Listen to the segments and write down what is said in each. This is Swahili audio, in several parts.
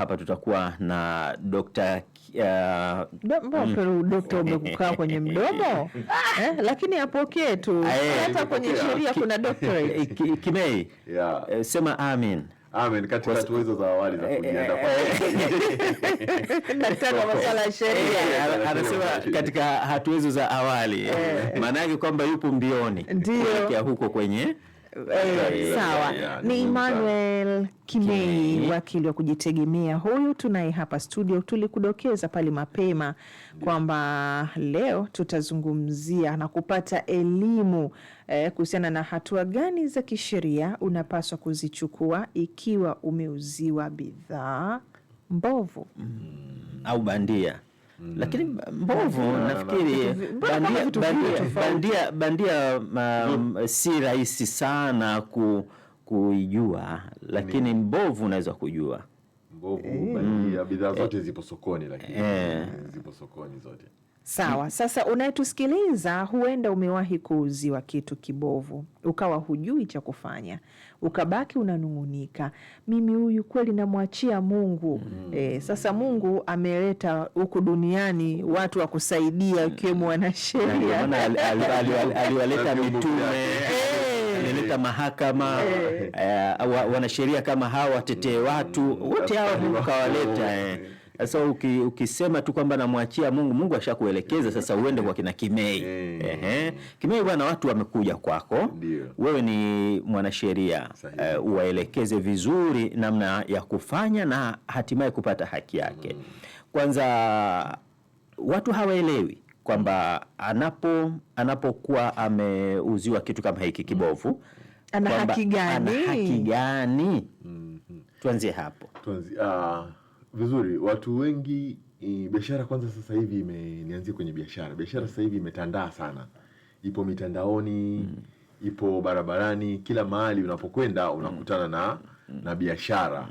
hapa tutakuwa na Dr. Uh, mm. Dokta, umekukaa kwenye mdomo eh, lakini apokee tu, eh, hata kwenye sheria kuna doctorate eh, Kimei. Yeah. Eh, sema amin. Amen, katika hatua hizo za awali za kujiandaa kwa daktari wa masuala ya sheria anasema katika hatua hizo za awali maana yake kwamba yupo mbioni kuelekea huko kwenye Eh, sawa ni Emmanuel Kimei, wakili wa kujitegemea huyu tunaye hapa studio. Tulikudokeza pale mapema kwamba leo tutazungumzia na kupata elimu eh, kuhusiana na hatua gani za kisheria unapaswa kuzichukua ikiwa umeuziwa bidhaa mbovu mm, au bandia Mhm. lakini mbovu nafikiri bandia, bandia, bandia, um, mhm. si rahisi sana ku, kuijua lakini mbovu unaweza kujua eh. mm. bidhaa zote eh. zipo sokoni, lakini eh. zipo sokoni zote. Sawa. Mm. Sasa unayetusikiliza, huenda umewahi kuuziwa kitu kibovu ukawa hujui cha kufanya, ukabaki unanung'unika, mimi huyu kweli namwachia Mungu. mm. E, sasa Mungu ameleta huku duniani watu wa kusaidia ikiwemo mm. wanasheria aliwaleta mitume eh. leta mahakama eh. wanasheria kama hawa watetee watu wote hawa Mungu kawaleta sasa uki, ukisema tu kwamba namwachia Mungu, Mungu ashakuelekeza eh, sasa uende kwa kina Kimei. Eh, Ehe. Kimei bwana, watu wamekuja kwako. Dio. Wewe ni mwanasheria uh, uwaelekeze vizuri namna ya kufanya na hatimaye kupata haki yake. Mm. Kwanza watu hawaelewi kwamba anapo anapokuwa ameuziwa kitu kama hiki kibovu, mm. ana haki gani? Ana haki gani? -hmm. Tuanzie hapo. Tuanzie, ah. Vizuri, watu wengi eh, biashara kwanza sasa hivi ime kwenye biashara. Biashara sasa hivi imetandaa sana, ipo mitandaoni mm. ipo barabarani, kila mahali unapokwenda mm. unakutana na mm. na biashara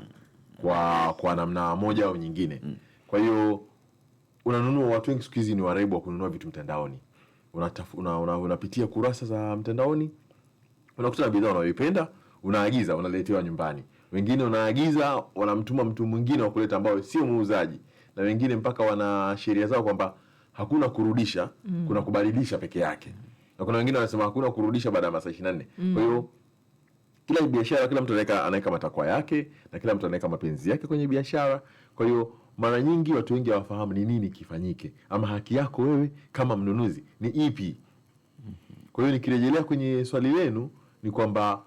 kwa kwa namna moja au nyingine mm. kwa hiyo unanunua, watu wengi siku hizi ni waraibu wa kununua vitu mtandaoni. Unapitia una, una, una kurasa za mtandaoni, unakutana bidhaa unayoipenda, unaagiza, unaletewa nyumbani wengine wanaagiza wanamtuma mtu mwingine wa kuleta ambayo sio muuzaji, na wengine mpaka wana sheria zao kwamba hakuna kurudisha mm. kuna kubadilisha peke yake mm. na kuna wengine wanasema hakuna kurudisha baada ya masaa nne. mm. kwa hiyo kila biashara, kila mtu anaweka anaweka matakwa yake na kila mtu anaweka mapenzi yake kwenye biashara. Kwa hiyo mara nyingi watu wengi hawafahamu ni nini kifanyike ama haki yako wewe kama mnunuzi ni ipi. Mm-hmm. Kwa hiyo nikirejelea kwenye swali lenu ni kwamba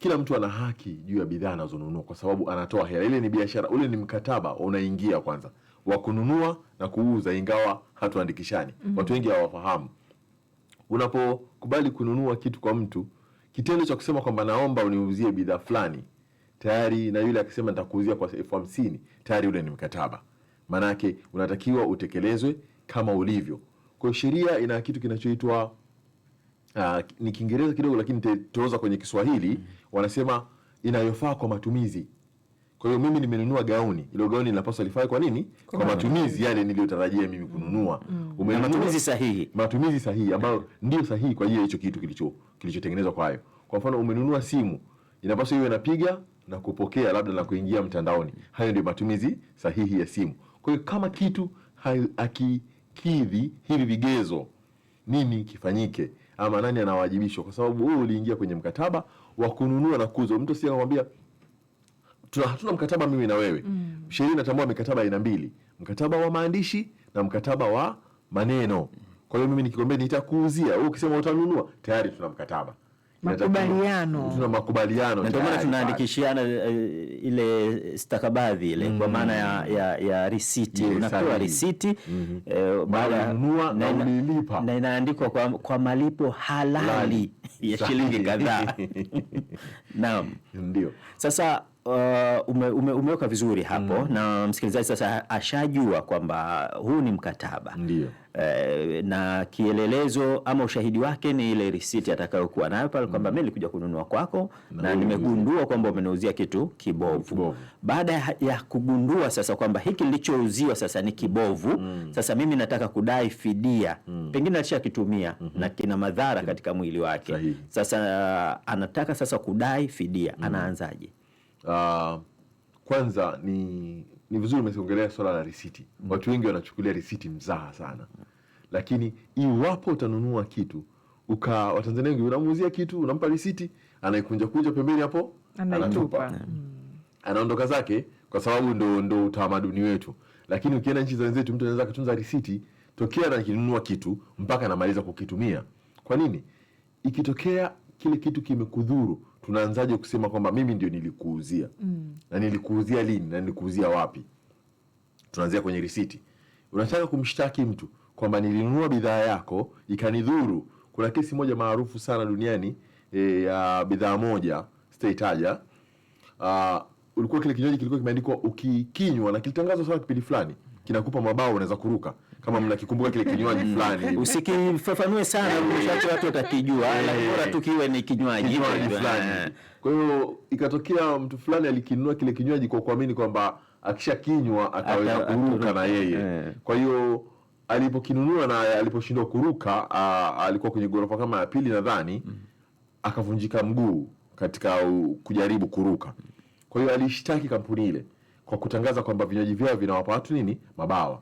kila mtu ana haki juu ya bidhaa anazonunua kwa sababu anatoa hela. Ile ni biashara, ule ni mkataba unaingia kwanza wa kununua na kuuza, ingawa hatuandikishani. mm -hmm. Watu wengi hawafahamu, unapokubali kununua kitu kwa mtu, kitendo cha kusema kwamba naomba uniuzie bidhaa fulani tayari, na yule akisema nitakuuzia kwa elfu hamsini tayari ule ni mkataba, maanake unatakiwa utekelezwe kama ulivyo. Kwa hiyo sheria ina kitu kinachoitwa uh, ni Kiingereza kidogo lakini tutaweza kwenye Kiswahili mm wanasema inayofaa kwa matumizi. Kwa hiyo mimi nimenunua gauni, ile gauni inapaswa lifai kwa nini? Kwa, kwa matumizi yale niliyotarajia mimi kununua. Mm. Umenunua matumizi sahihi. Matumizi sahihi ambayo ndio sahihi kwa hiyo hicho kitu kilicho kilichotengenezwa kwa hayo. Kwa mfano umenunua simu, inapaswa iwe inapiga na kupokea labda na kuingia mtandaoni. Hayo ndio matumizi sahihi ya simu. Kwa hiyo kama kitu hakikidhi hivi vigezo, nini kifanyike? ama nani anawajibishwa, kwa sababu wewe uliingia kwenye mkataba wa kununua na kuuza. Mtu si anakwambia tuna hatuna mkataba mimi na wewe mm. Sheria inatambua mikataba aina mbili, mkataba wa maandishi na mkataba wa maneno. Kwa hiyo mimi nikikwambia nitakuuzia, wewe ukisema utanunua, tayari tuna mkataba makubaliano tuna makubaliano, ndio maana tunaandikishiana eh, ile stakabadhi ile mm. kwa mm-hmm. maana ya, ya, ya risiti yes, unapewa risiti mm -hmm. uh, na na inaandikwa kwa, kwa malipo halali ya shilingi kadhaa naam, ndio sasa Uh, ume, ume, umeweka vizuri hapo mm. Na msikilizaji sasa ashajua kwamba huu ni mkataba ndio. E, na kielelezo ama ushahidi wake ni ile risiti atakayokuwa nayo pale mm. kwamba mimi nilikuja kununua kwako na, na nimegundua kwamba umeniuzia kitu kibovu, kibovu. Baada ya kugundua sasa kwamba hiki nilichouziwa sasa ni kibovu mm. Sasa mimi nataka kudai fidia mm. Pengine alishakitumia mm -hmm. na kina madhara katika mwili wake Sahi. Sasa anataka sasa kudai fidia mm. Anaanzaje? uh, kwanza ni, ni vizuri umeongelea swala la risiti mm. Watu wengi wanachukulia risiti mzaha sana Lakini iwapo utanunua kitu uka Watanzania wengi unamuuzia kitu unampa risiti, anaikunja kunja pembeni hapo anatupa mm. Anaondoka zake kwa sababu ndo, ndo utamaduni wetu, lakini ukienda nchi za wenzetu mtu anaweza kutunza risiti tokea anakinunua kitu mpaka anamaliza kukitumia. Kwa nini? Ikitokea kile kitu kimekudhuru tunaanzaje kusema kwamba mimi ndio nilikuuzia mm. na nilikuuzia lini na nilikuuzia wapi? Tunaanzia kwenye risiti. Unataka kumshtaki mtu kwamba nilinunua bidhaa yako ikanidhuru. Kuna kesi moja maarufu sana duniani eh, ya e, bidhaa moja sitaitaja. Ah, ulikuwa kile kinywaji kilikuwa kimeandikwa ukikinywa na kilitangazwa sana kipindi fulani, kinakupa mabao, unaweza kuruka kama mnakikumbuka kile kinywaji fulani. Usikifafanue sana, eh. mshati watu watakijua, eh. bora tu kiwe ni kinywaji eh. fulani. Kwa hiyo ikatokea mtu fulani alikinunua kile kinywaji kwa kuamini kwamba akishakinywa ataweza kuruka na yeye Kwa hiyo alipokinunua na aliposhindwa kuruka uh, alikuwa kwenye ghorofa kama ya pili nadhani mm. Akavunjika mguu katika kujaribu kuruka. Kwa hiyo alishtaki kampuni ile kwa kutangaza kwamba vinywaji vyao vinawapa watu nini mabawa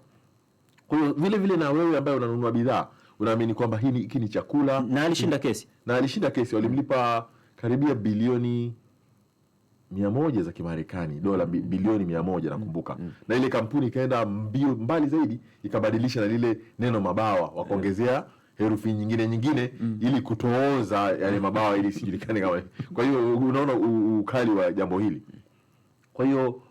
kwa hiyo vile vile na wewe ambaye unanunua bidhaa unaamini kwamba hiki ni chakula, na alishinda kesi, na alishinda kesi, walimlipa karibia bilioni mia moja za Kimarekani, dola bilioni mia moja nakumbuka mm, mm. na ile kampuni ikaenda mbio mbali zaidi ikabadilisha na lile neno mabawa wakaongezea herufi nyingine nyingine mm. ili kutooza yale mabawa ili sijulikane kama. Kwa hiyo unaona ukali wa jambo hili. Kwa hiyo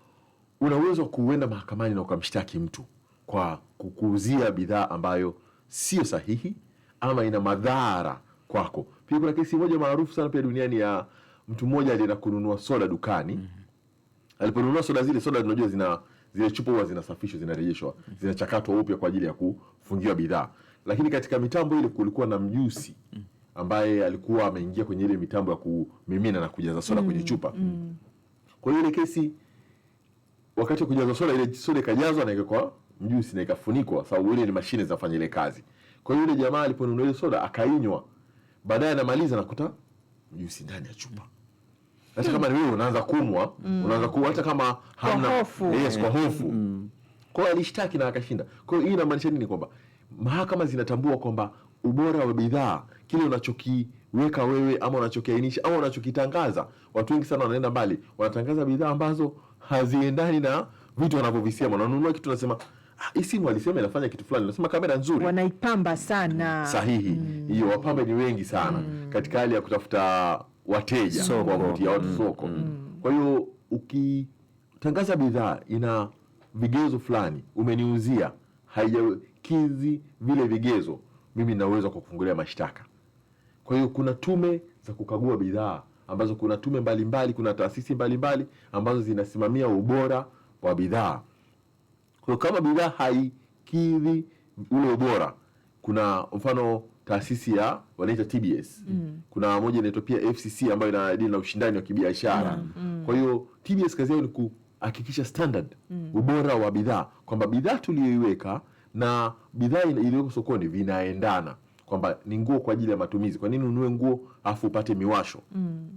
una uwezo wa kuenda mahakamani na ukamshtaki mtu kwa kukuuzia bidhaa ambayo sio sahihi ama ina madhara kwako. Pia kuna kesi moja maarufu sana pia duniani ya mtu mmoja alienda kununua soda dukani. mm -hmm. Aliponunua soda zile, soda tunajua zina zile chupa huwa zinasafishwa, zinarejeshwa, zinachakatwa upya kwa ajili ya kufungiwa bidhaa, lakini katika mitambo ile kulikuwa na mjusi mm. ambaye alikuwa ameingia kwenye ile mitambo ya kumimina na kujaza soda kwenye mm, chupa mm. kwa hiyo ile kesi wakati wa kujaza soda ile soda ikajazwa na ikakuwa juisi na ikafunikwa, sababu ile ni mashine zinafanya ile kazi. Kwa hiyo yule jamaa aliponunua ile soda akainywa, baadaye anamaliza nakuta juisi ndani ya chupa. Hata kama ni wewe unaanza kumwa, mm. unaanza kuwa hata kama hamna yes, kwa hofu. Mm. Kwa hiyo alishtaki na akashinda. Kwa hiyo hii inamaanisha nini? Kwamba mahakama zinatambua kwamba ubora wa bidhaa, kile unachokiweka wewe ama unachokiainisha ama unachokitangaza. Watu wengi sana wanaenda mbali, wanatangaza bidhaa ambazo haziendani na vitu wanavyovisiema. Unanunua kitu unasema, simu alisema inafanya kitu fulani, nasema kamera nzuri, wanaipamba sana. Sahihi mm. hiyo mm. Wapambe ni wengi sana mm. katika hali ya kutafuta wateja kuwavutia watu mm. soko. Mm. Kwa hiyo ukitangaza bidhaa ina vigezo fulani, umeniuzia, haijakidhi vile vigezo, mimi nina uwezo wa kukufungulia mashtaka. Kwa hiyo kuna tume za kukagua bidhaa ambazo kuna tume mbalimbali mbali, kuna taasisi mbalimbali mbali, ambazo zinasimamia ubora wa bidhaa kwa kama bidhaa haikidhi ule ubora, kuna mfano taasisi ya wanaita TBS mm. kuna moja inaitwa pia FCC ambayo ina deal na ushindani wa kibiashara mm. mm. kwa hiyo TBS kazi yao ni kuhakikisha standard mm. ubora wa bidhaa kwamba bidhaa tuliyoiweka na bidhaa iliyoko sokoni vinaendana, kwamba ni nguo kwa ajili ya matumizi. Kwa nini ununue nguo afu upate miwasho mm.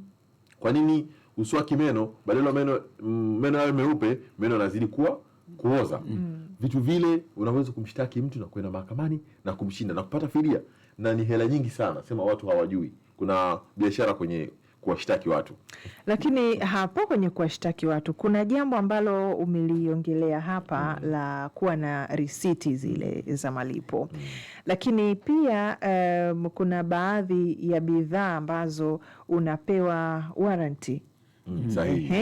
kwa nini uswaki meno badala meno mm, meno yayo meupe meno yanazidi kuwa kuoza mm. Vitu vile unaweza kumshtaki mtu na kwenda mahakamani na kumshinda na kupata fidia, na ni hela nyingi sana, sema watu hawajui kuna biashara kwenye kuwashtaki watu. Lakini hapo kwenye kuwashtaki watu kuna jambo ambalo umeliongelea hapa mm. la kuwa na risiti zile mm. za malipo mm. Lakini pia um, kuna baadhi ya bidhaa ambazo unapewa waranti mm. sahihi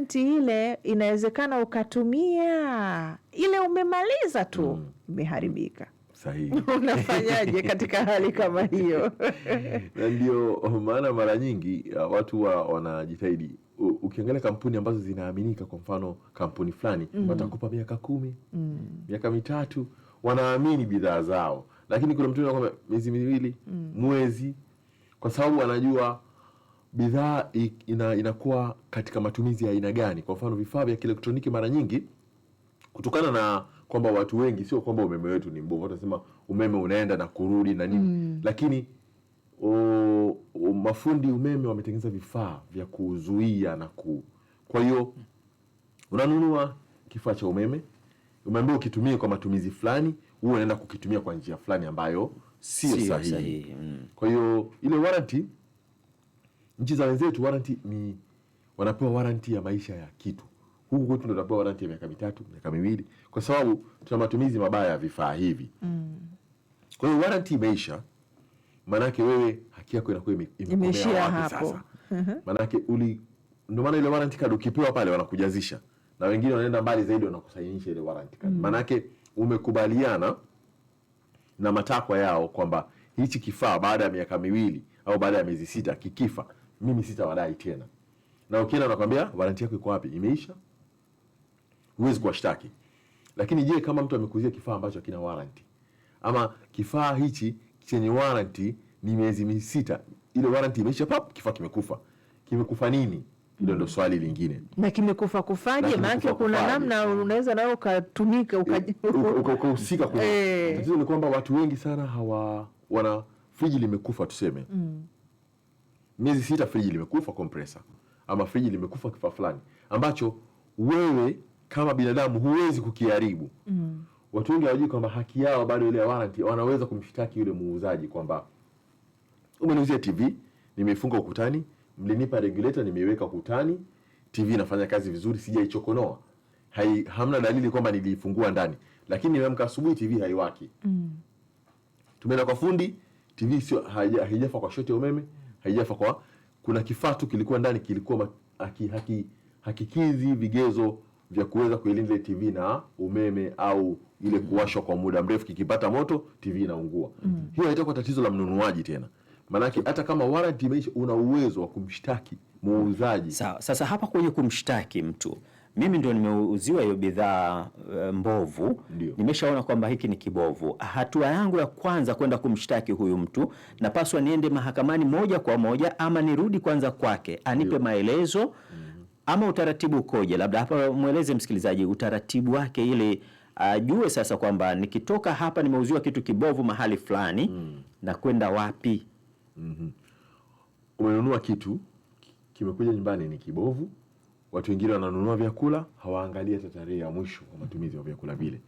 pointi ile inawezekana ukatumia ile umemaliza tu mm. imeharibika. mm. Unafanyaje katika hali kama hiyo? Na ndio maana mara nyingi uh, watu wa wanajitahidi ukiangalia kampuni ambazo zinaaminika, kwa mfano kampuni fulani mm. watakupa miaka kumi mm. miaka mitatu, wanaamini bidhaa zao, lakini kuna mtu miezi miwili mm. mwezi, kwa sababu wanajua bidhaa ina, inakuwa katika matumizi ya aina gani. Kwa mfano vifaa vya kielektroniki mara nyingi kutokana na kwamba watu wengi, sio kwamba umeme wetu ni mbovu, watasema umeme unaenda na kurudi na nini mm. Lakini o, o, mafundi umeme wametengeneza vifaa vya kuzuia na ku, kwa hiyo unanunua kifaa cha umeme, umeambiwa ukitumie kwa matumizi fulani, huwa unaenda kukitumia kwa njia fulani ambayo sio sahihi. Mm. Kwa hiyo ile warranty Nchi za wenzetu warranty ni wanapewa warranty ya maisha ya kitu, huku kwetu ndo tunapewa warranty ya miaka mitatu, miaka miwili, kwa sababu tuna matumizi mabaya ya vifaa hivi mm. Kwa hiyo warranty imeisha, maanake wewe haki yako inakuwa imeishia hapo. Uh-huh. Maanake uli ndio maana ile warranty card ukipewa pale wanakujazisha, na wengine wanaenda mbali zaidi, wanakusainisha ile warranty card mm. Maanake umekubaliana na matakwa yao kwamba hichi kifaa baada ya miaka miwili au baada ya miezi sita kikifa mimi sitawadai tena. Na ukienda unakwambia warranty yako iko wapi? Imeisha, huwezi kuwashtaki. Lakini je, kama mtu amekuzia kifaa ambacho hakina warranty ama kifaa hichi chenye warranty ni miezi misita ile warranty imeisha, pap, kifaa kimekufa. Kimekufa nini? Hilo ndo swali lingine. Na kimekufa kufaje? Maana kuna namna unaweza nayo ukatumika eh, ukahusika. Eh. Tatizo ni kwamba watu wengi sana hawa wana friji limekufa tuseme mm miezi sita friji limekufa compressor ama friji limekufa kifaa fulani ambacho wewe kama binadamu huwezi kukiharibu. Mm. Watu wengi hawajui kwamba haki yao bado ile warranty, wanaweza kumshtaki yule muuzaji kwamba umeniuzia TV nimeifunga ukutani, mlinipa regulator nimeiweka ukutani, TV inafanya kazi vizuri, sijaichokonoa, hai hamna dalili kwamba niliifungua ndani, lakini nimeamka asubuhi TV haiwaki. Mm. Tumeenda kwa fundi, TV sio haijafa kwa shoti ya umeme haijafa kwa, kuna kifaa tu kilikuwa ndani kilikuwa hakikizi haki, haki vigezo vya kuweza kuilinda TV na umeme au ile mm. kuwashwa kwa muda mrefu, kikipata moto TV inaungua. mm. Hiyo haitakuwa tatizo la mnunuaji tena, maanake hata kama warranty imeisha, una uwezo wa kumshtaki muuzaji. Sawa, sasa hapa kwenye kumshtaki mtu mimi ndio nimeuziwa hiyo bidhaa eh, mbovu, nimeshaona kwamba hiki ni kibovu. Hatua yangu ya kwanza kwenda kumshtaki huyu mtu, napaswa niende mahakamani moja kwa moja, ama nirudi kwanza kwake anipe maelezo mm. ama utaratibu ukoje? Labda hapa mweleze msikilizaji utaratibu wake ili ajue sasa kwamba nikitoka hapa nimeuziwa kitu kibovu mahali fulani mm. na kwenda wapi? mm -hmm. Umenunua kitu kimekuja nyumbani ni kibovu Watu wengine wananunua vyakula hawaangalia hata tarehe ya mwisho wa matumizi ya vyakula vile.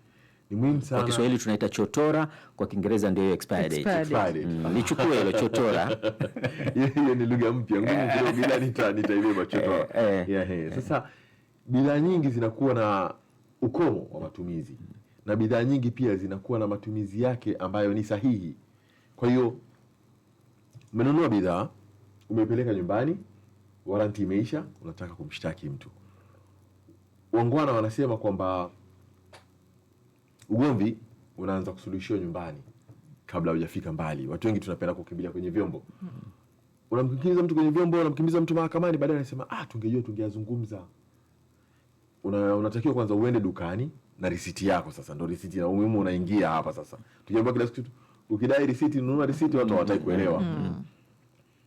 Ni muhimu sana. Kwa Kiswahili tunaita chotora, kwa Kiingereza ndio expire date. Mm, nichukue hilo chotora. Hiyo ni lugha mpya ngumu eh. kidogo, bila nitaibeba chotora. Eh, eh. Sasa bidhaa nyingi zinakuwa na ukomo wa matumizi na bidhaa nyingi pia zinakuwa na matumizi yake ambayo ni sahihi. Kwa hiyo umenunua bidhaa, umepeleka nyumbani waranti imeisha, unataka kumshtaki mtu. Wangwana wanasema kwamba ugomvi unaanza kusuluhishiwa nyumbani kabla hujafika mbali. Watu wengi tunapenda kukimbilia kwenye vyombo -hmm. Unamkimbiza mtu kwenye vyombo, unamkimbiza mtu mahakamani, baadaye anasema ah, tungejua tungeazungumza. Una, unatakiwa kwanza uende dukani na risiti yako. Sasa ndo risiti na umuhimu unaingia hapa sasa, tukiambia kila siku ukidai risiti, nunua risiti, watu hawataki kuelewa mm -hmm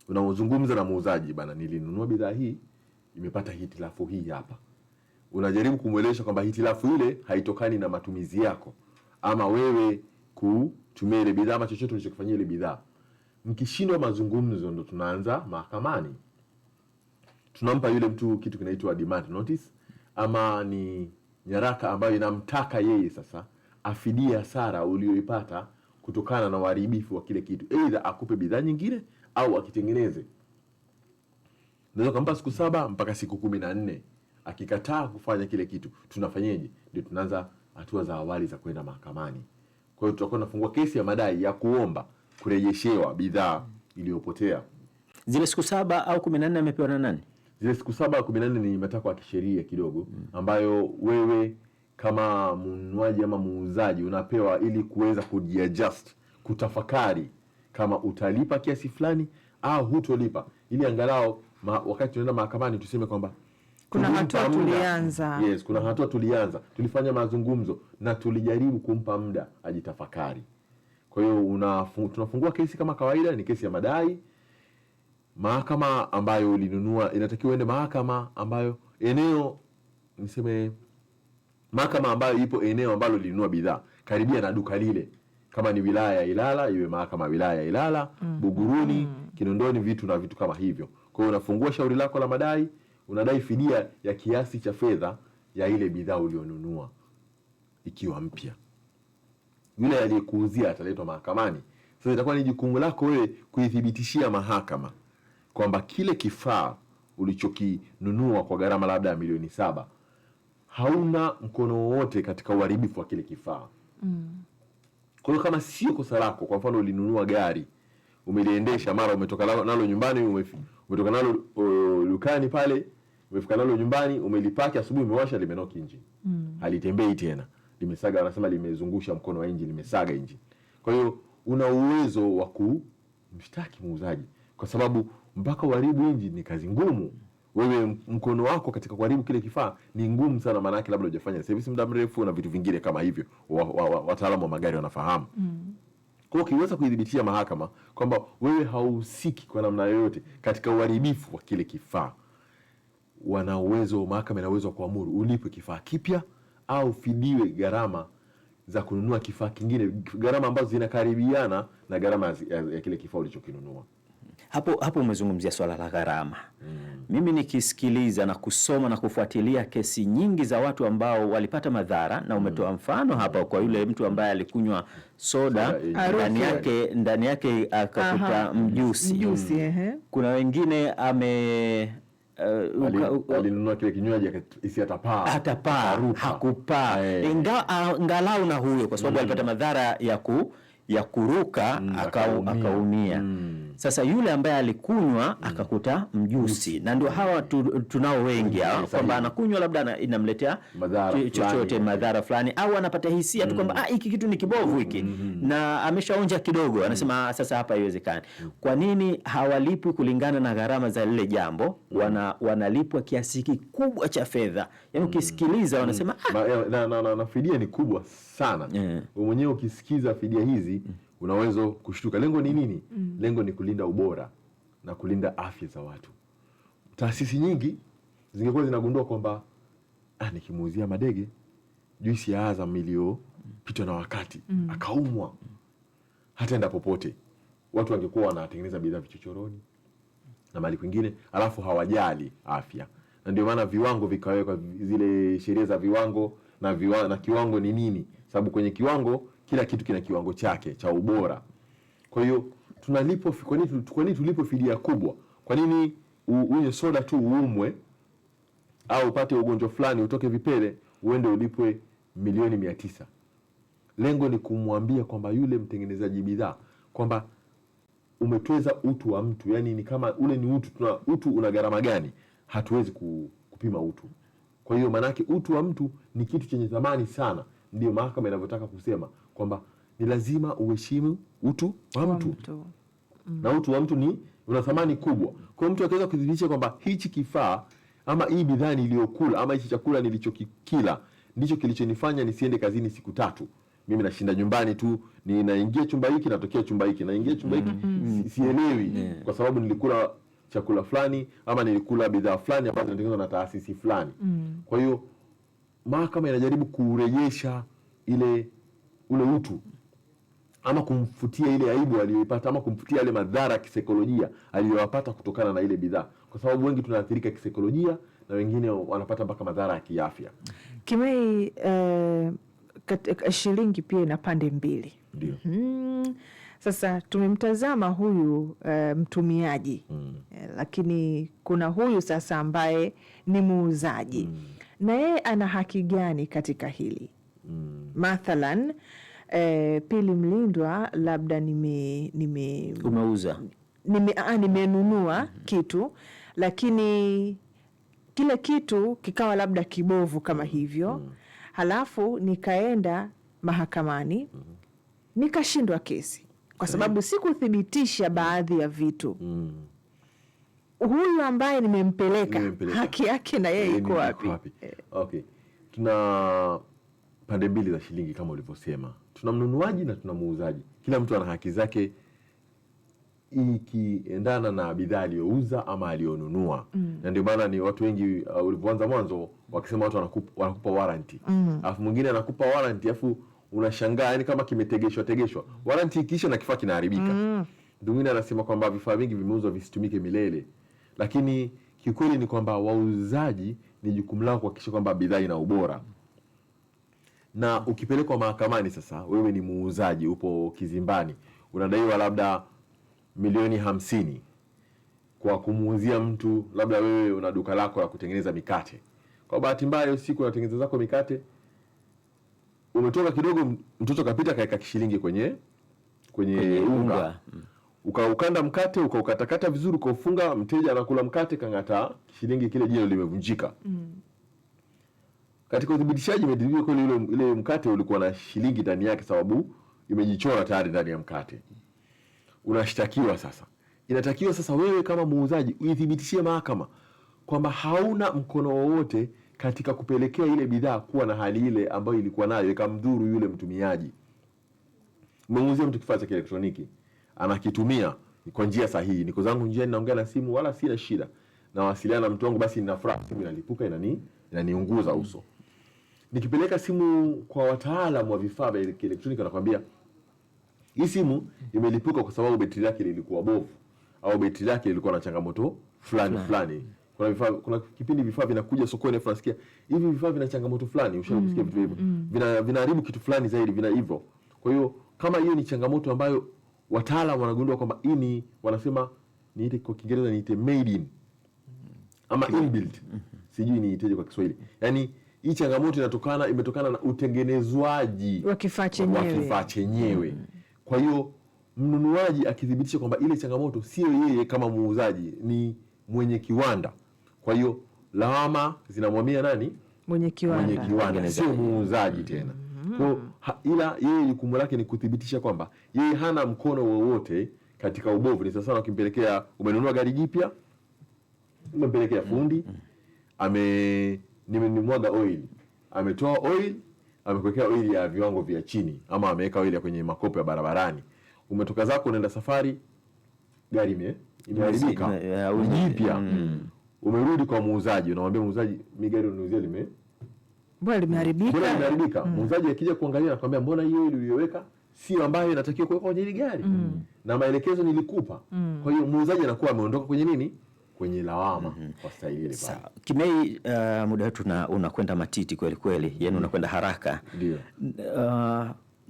unaozungumza na muuzaji, bana, nilinunua bidhaa hii, imepata hitilafu hii hapa. Unajaribu kumwelesha kwamba hitilafu ile haitokani na matumizi yako ama wewe kutumia ile bidhaa ama chochote unachokifanyia ile bidhaa. Mkishindwa mazungumzo, ndo tunaanza mahakamani, tunampa yule mtu kitu kinaitwa demand notice ama ni nyaraka ambayo inamtaka yeye sasa afidie hasara uliyoipata kutokana na uharibifu wa kile kitu, aidha akupe bidhaa nyingine au akitengeneze. Naweza kumpa siku saba mpaka siku kumi na nne. Akikataa kufanya kile kitu, tunafanyeje? Ndio tunaanza hatua za awali za kwenda mahakamani. Kwa hiyo tutakuwa tunafungua kesi ya madai ya kuomba kurejeshewa bidhaa iliyopotea. Zile siku saba au kumi na nne amepewa na nani? Zile siku saba au kumi na nne ni matakwa ya kisheria kidogo, ambayo wewe kama mnunuaji ama muuzaji unapewa ili kuweza kujiadjust, kutafakari kama utalipa kiasi fulani au hutolipa, ili angalau ma, wakati tunaenda mahakamani tuseme kwamba kuna hatua tulianza. Yes, kuna hatua tulianza, tulifanya mazungumzo na tulijaribu kumpa muda ajitafakari. Kwa hiyo tunafungua kesi kama kawaida, ni kesi ya madai. Mahakama ambayo ulinunua inatakiwa ende mahakama ambayo eneo niseme mahakama ambayo ipo eneo ambalo lilinunua bidhaa karibia na duka lile kama ni wilaya ya Ilala iwe mahakama ya wilaya ya Ilala mm. Buguruni mm. Kinondoni, vitu na vitu kama hivyo. Kwa hiyo unafungua shauri lako la madai, unadai fidia ya kiasi cha fedha ya ile bidhaa ulionunua ikiwa mpya. Yule aliyekuuzia ataletwa mahakamani. Sasa itakuwa ni jukumu lako wewe kuithibitishia mahakama kwamba kile kifaa ulichokinunua kwa gharama labda ya milioni saba hauna mkono wowote katika uharibifu wa kile kifaa mm. Kwa hiyo kama sio kosa lako, kwa mfano ulinunua gari umeliendesha, mara umetoka nalo nyumbani, umetoka nalo dukani pale, umefika nalo nyumbani, umelipaki asubuhi, umewasha, limenoki injini mm. halitembei tena, limesaga, wanasema limezungusha mkono wa injini, limesaga injini. Kwa hiyo una uwezo wa kumshtaki muuzaji, kwa sababu mpaka uharibu injini ni kazi ngumu wewe mkono wako katika kuharibu kile kifaa ni ngumu sana, yake labda hujafanya service muda mrefu na vitu vingine kama hivyo, wataalamu wa magari wanafahamu mm. Kwa ukiweza kuidhibitia mahakama kwamba wewe hauhusiki kwa namna yoyote katika uharibifu wa kile kifaa, wana uwezo, mahakama ina uwezo wa kuamuru ulipwe kifaa kipya au fidiwe gharama za kununua kifaa kingine, gharama ambazo zinakaribiana na gharama ya kile kifaa ulichokinunua hapo hapo umezungumzia swala la gharama mm. Mimi nikisikiliza na kusoma na kufuatilia kesi nyingi za watu ambao walipata madhara na umetoa mm. mfano hapa kwa yule mtu ambaye alikunywa soda ndani yake ndani yake akakuta mjusi, mjusi mm. Kuna wengine ame uh, alinunua kile kinywaji isi atapaa atapaa hakupaa eh. ngalau na huyo kwa sababu mm. alipata madhara ya, ku, ya kuruka mm, akaumia aka sasa yule ambaye alikunywa mm. akakuta mjusi, na ndio hawa tu, tunao wengi hawa kwamba anakunywa labda inamletea chochote madhara fulani, au anapata hisia mm. tu kwamba mm. ah, hiki kitu ni kibovu hiki mm -hmm. na ameshaonja kidogo, anasema mm. ah, sasa hapa haiwezekani. Mm. Kwa nini hawalipwi kulingana na gharama za lile jambo? Wana, wanalipwa kiasi kikubwa cha fedha, yaani ukisikiliza wanasema ah. na, na, na, na, na fidia ni kubwa sana yeah. Mwenyewe ukisikiza fidia hizi mm una uwezo kushtuka. Lengo ni mm. nini? mm. Lengo ni kulinda ubora na kulinda afya za watu. Taasisi nyingi zingekuwa zinagundua kwamba ah, nikimuuzia Madege juisi ya Azam iliyopitwa na wakati mm. akaumwa, hataenda popote. Watu wangekuwa wanatengeneza bidhaa vichochoroni na mali kwingine, alafu hawajali afya, na ndio maana viwango vikawekwa, zile sheria za viwango na, viwa, na kiwango ni nini, sababu kwenye kiwango kila kitu kina kiwango chake cha ubora. Kwa hiyo tunalipo, kwa nini kwa nini tulipo fidia kubwa? Kwa nini unywe soda tu uumwe au upate ugonjwa fulani utoke vipele uende ulipwe milioni mia tisa? Lengo ni kumwambia kwamba yule mtengenezaji bidhaa kwamba umetweza utu wa mtu, yani ni kama ule ni utu. Tuna utu una gharama gani? Hatuwezi kupima utu. Kwa hiyo maanake utu wa mtu ni kitu chenye thamani sana, ndio mahakama inavyotaka kusema kwamba ni lazima uheshimu utu wa mtu, mtu. Mm. na utu wa mtu ni una thamani kubwa. Kwa mtu akiweza kudhibitisha kwamba hichi kifaa ama hii bidhaa niliyokula ama hichi chakula nilichokikila ndicho kilichonifanya nisiende kazini siku tatu, mimi nashinda nyumbani tu, ninaingia chumba hiki natokea chumba hiki, naingia chumba hiki mm -hmm. sielewi yeah. kwa sababu nilikula chakula fulani ama nilikula bidhaa fulani ambazo zinatengenezwa na taasisi fulani mm. kwa hiyo mahakama inajaribu kurejesha ile ule utu ama kumfutia ile aibu aliyoipata ama kumfutia yale madhara ya kisaikolojia aliyoyapata kutokana na ile bidhaa, kwa sababu wengi tunaathirika kisaikolojia na wengine wanapata mpaka madhara ya kiafya. Kimei, eh, eh shilingi pia ina pande mbili. Ndio. Hmm. Sasa tumemtazama huyu eh, mtumiaji hmm. Eh, lakini kuna huyu sasa ambaye ni muuzaji hmm. na yeye ana haki gani katika hili? mm. Mathalan e, Pili Mlindwa labda nime, nime, umeuza nime, aa, ah, nimenunua mm -hmm. kitu lakini kile kitu kikawa labda kibovu kama mm. hivyo mm -hmm. halafu nikaenda mahakamani mm -hmm. nikashindwa kesi kwa eh. sababu sikuthibitisha baadhi ya vitu mm -hmm huyu ambaye nimempeleka haki yake na yeye eh, iko wapi? Okay, tuna pande mbili za shilingi kama ulivyosema, tuna mnunuaji na tuna muuzaji, kila mtu ana haki zake ikiendana na bidhaa aliyouza ama aliyonunua mm. na ndio maana ni watu wengi uh, ulivyoanza mwanzo wakisema watu wanakupa, wanakupa warranty mm. afu mwingine anakupa warranty afu unashangaa yani kama kimetegeshwa tegeshwa. Warranty ikiisha na kifaa kinaharibika mm. Ndio mwingine anasema kwamba vifaa vingi vimeuzwa visitumike milele, lakini kiukweli ni kwamba wauzaji ni jukumu lao kuhakikisha kwamba bidhaa ina ubora mm. Na ukipelekwa mahakamani sasa, wewe ni muuzaji, upo kizimbani, unadaiwa labda milioni hamsini kwa kumuuzia mtu, labda wewe una duka lako la kutengeneza mikate. Kwa bahati mbaya, usiku siku unatengeneza zako mikate, umetoka kidogo, mtoto kapita kaeka kishilingi kwenye kwenye, kwenye unga mm. ukaukanda mkate ukaukatakata vizuri, ukaufunga, mteja anakula mkate, kang'ata, kishilingi kile jino limevunjika. mm katika uthibitishaji imedhihirika kweli ile ile mkate ulikuwa na shilingi ndani yake, sababu imejichora tayari ndani ya mkate. Unashtakiwa sasa, inatakiwa sasa wewe kama muuzaji uithibitishie mahakama kwamba hauna mkono wowote katika kupelekea ile bidhaa kuwa na hali ile ambayo ilikuwa nayo ikamdhuru yule mtumiaji. Umemuuzia mtu kifaa cha kielektroniki, anakitumia kwa njia sahihi, niko zangu njia, ninaongea na simu, wala sina shida, nawasiliana na mtu wangu, basi nina furaha, simu inalipuka, inani inaniunguza uso nikipeleka simu kwa wataalamu wa vifaa vya elektroniki wanakwambia hii simu imelipuka kwa sababu betri yake lilikuwa bovu au betri yake lilikuwa na changamoto fulani fulani. Kuna vifaa, kuna kipindi vifaa vinakuja sokoni afu nasikia hivi vifaa vina changamoto fulani, ushakusikia mm, vitu hivyo mm, vina vinaharibu kitu fulani zaidi, vina hivyo. Kwa hiyo kama hiyo ni changamoto ambayo wataalamu wanagundua kwamba ini wanasema ni ile kwa Kiingereza niite made in ama inbuilt, mm-hmm. sijui niiteje kwa Kiswahili yani hii changamoto inatokana imetokana na utengenezwaji wa kifaa mm. chenyewe. Kwa hiyo mnunuaji akithibitisha kwamba ile changamoto sio yeye kama muuzaji, ni mwenye kiwanda, kwa hiyo lawama zinamwamia nani? Mwenye kiwanda, mwenye kiwanda, sio muuzaji tena. mm -hmm. ila yeye jukumu lake ni kuthibitisha kwamba yeye hana mkono wowote katika ubovu. Ni sasa ukimpelekea, umenunua gari jipya, umempelekea fundi ame nimemwaga oil, ametoa oil, amekuwekea oil ya viwango vya chini, ama ameweka oil ya kwenye makopo ya barabarani. Umetoka zako unaenda safari, gari ime imeharibika jipya, mm. umerudi kwa muuzaji, unamwambia muuzaji, mi gari uniuzie lime mbona limeharibika, limeharibika. Mm. Muuzaji akija kuangalia nakwambia, mbona hiyo oil uliyoweka sio ambayo inatakiwa kuwekwa kwenye hili gari mm. na maelekezo nilikupa mm. kwa hiyo muuzaji anakuwa ameondoka kwenye nini kwenye lawama mm -hmm. kwa staili ile pale. Kimei, uh, muda wetu unakwenda matiti kweli kweli, yani mhm. unakwenda haraka. Ndio. Uh,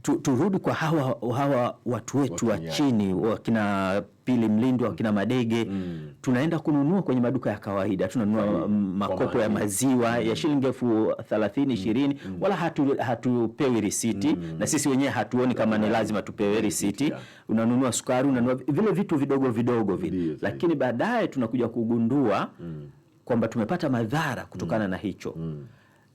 tu, turudi kwa hawa, hawa watu wetu wa chini wakina Pili Mlindi wakina Madege mm. tunaenda kununua kwenye maduka ya kawaida, tunanunua makopo ya maziwa mm. ya shilingi elfu thelathini mm. ishirini mm. wala hatu, hatupewi risiti mm. na sisi wenyewe hatuoni kama ni lazima tupewe risiti. Unanunua sukari, unanunua vile vitu vidogo vidogo vile, lakini baadaye tunakuja kugundua mm. kwamba tumepata madhara kutokana mm. na hicho mm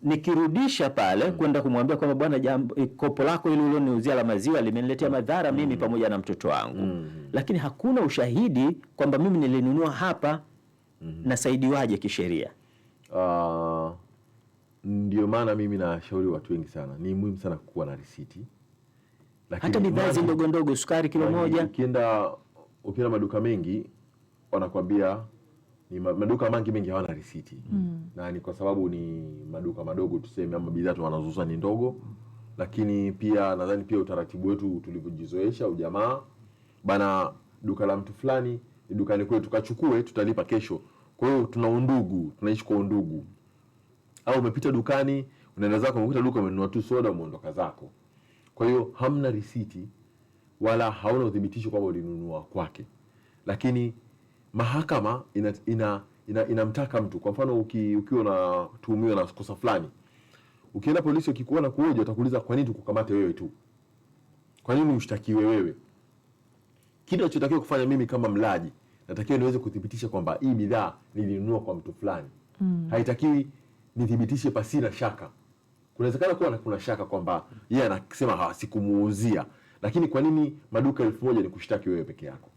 nikirudisha pale mm. kwenda kumwambia kwamba bwana, jambo eh, kopo lako hilo ulioniuzia la maziwa limeniletea mm. madhara mimi mm. pamoja na mtoto wangu mm. lakini hakuna ushahidi kwamba mimi nilinunua hapa mm. nasaidiwaje kisheria? Uh, ndio maana mimi nashauri watu wengi sana, ni muhimu sana kuwa na risiti, lakini hata bidhaa ndogo ndogo, sukari kilo moja, ukienda ukienda maduka mengi wanakwambia ni maduka mengi mengi hawana risiti mm. na ni kwa sababu ni maduka madogo tuseme, ama bidhaa tu wanazouza ni ndogo, lakini pia nadhani pia utaratibu wetu tulivyojizoesha ujamaa bana, duka la mtu fulani ni dukani kwetu, tukachukue tutalipa kesho. Kwa hiyo tuna undugu, tunaishi kwa undugu. Au umepita dukani unaenda zako, umekuta duka umenunua tu soda, umeondoka zako. Kwa hiyo hamna risiti wala hauna uthibitisho kwamba ulinunua kwake, lakini mahakama inamtaka ina, ina, ina mtu kwa mfano uki, ukiwa unatuhumiwa na kosa fulani, ukienda polisi ukikuona kuoja, watakuuliza kwa nini tukukamate wewe tu, kwa nini mshtakiwe wewe? Kile ninachotakiwa kufanya mimi kama mlaji, natakiwa niweze kuthibitisha kwamba hii bidhaa nilinunua kwa mtu fulani mm. haitakiwi nithibitishe pasina shaka. Kunawezekana kuwa kuna shaka kwamba yeye yeah, anasema sikumuuzia, lakini kwa nini maduka elfu moja ni kushtaki wewe peke yako?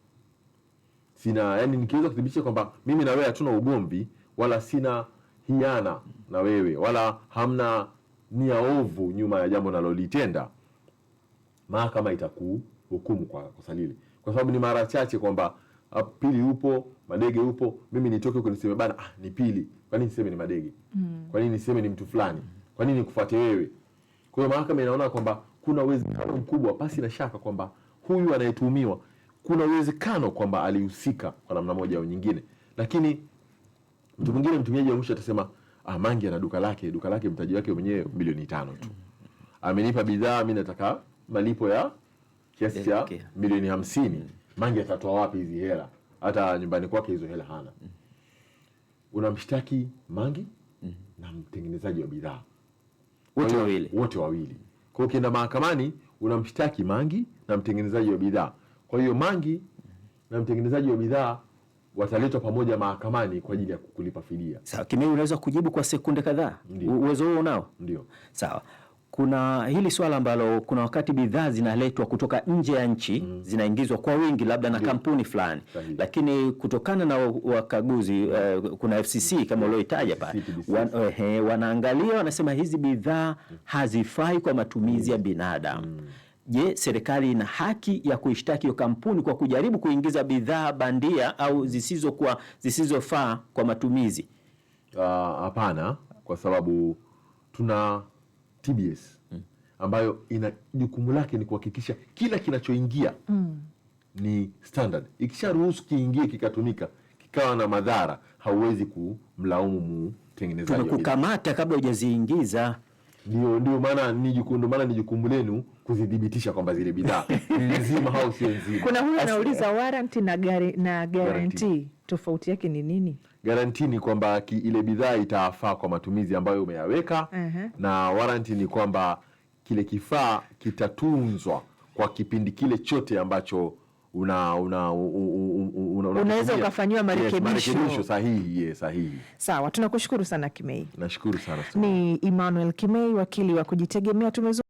sina yani, nikiweza kuthibitisha kwamba mimi na wewe hatuna ugomvi wala sina hiana na wewe wala hamna nia ovu nyuma ya jambo nalolitenda, mahakama itakuhukumu kwa kosa lile, kwa sababu ni mara chache kwamba ah, Pili upo Madege upo, mimi nitoke huko niseme bana, ah, ni Pili. Kwa nini niseme ni Madege? Mm. Kwa nini niseme ni mtu fulani? Kwa nini nikufuate wewe? Kwa hiyo mahakama inaona kwamba kuna uwezekano mkubwa, pasi na shaka, kwamba huyu anayetuhumiwa kuna uwezekano kwamba alihusika kwa namna moja au nyingine, lakini mtu mwingine, mtumiaji wa mwisho atasema ah, Mangi ana duka lake, duka lake mtaji wake mwenyewe milioni tano tu, amenipa bidhaa, mi nataka malipo ya kiasi cha milioni hamsini. Mangi atatoa wapi hizi hela? Hata nyumbani kwake hizo hela hana. Unamshtaki Mangi na mtengenezaji wa bidhaa wote wawili, wote wawili. Kwa hiyo ukienda mahakamani unamshtaki Mangi na mtengenezaji wa bidhaa kwa hiyo Mangi na mtengenezaji wa bidhaa wataletwa pamoja mahakamani kwa ajili ya kulipa fidia. Sawa, Kimeu, unaweza kujibu kwa sekunde kadhaa? Uwezo huo unao? Ndio. Sawa. Kuna hili swala ambalo kuna wakati bidhaa zinaletwa kutoka nje ya nchi mm. zinaingizwa kwa wingi labda na Ndiyo. kampuni fulani, lakini kutokana na wakaguzi uh, kuna FCC mm. kama ulioitaja pale wan, uh, wanaangalia wanasema hizi bidhaa mm. hazifai kwa matumizi mm. ya binadamu mm. Je, serikali ina haki ya kuishtaki hiyo kampuni kwa kujaribu kuingiza bidhaa bandia au zisizofaa zisizo kwa matumizi? Ah, hapana, uh, kwa sababu tuna TBS mm. ambayo ina jukumu lake ni kuhakikisha kila kinachoingia mm. ni standard. Ikisharuhusu kiingie kikatumika kikawa na madhara, hauwezi kumlaumu mtengenezaji. Tumekukamata kabla hujaziingiza. Ndio, ndio maana ni jukumu lenu kuzidhibitisha kwamba zile bidhaa ni nzima au sio nzima. Kuna huyu anauliza warranty na gari na guarantee tofauti yake ni nini? Guarantee ni kwamba ile bidhaa itafaa kwa matumizi ambayo umeyaweka. uh -huh. Na warranty ni kwamba kile kifaa kitatunzwa kwa kipindi kile chote ambacho una una unaweza ukafanyiwa marekebisho sahihi. Yes, sahihi. Sawa, tunakushukuru sana Kimei. Nashukuru sana. Ni Emmanuel Kimei, wakili wa kujitegemea tume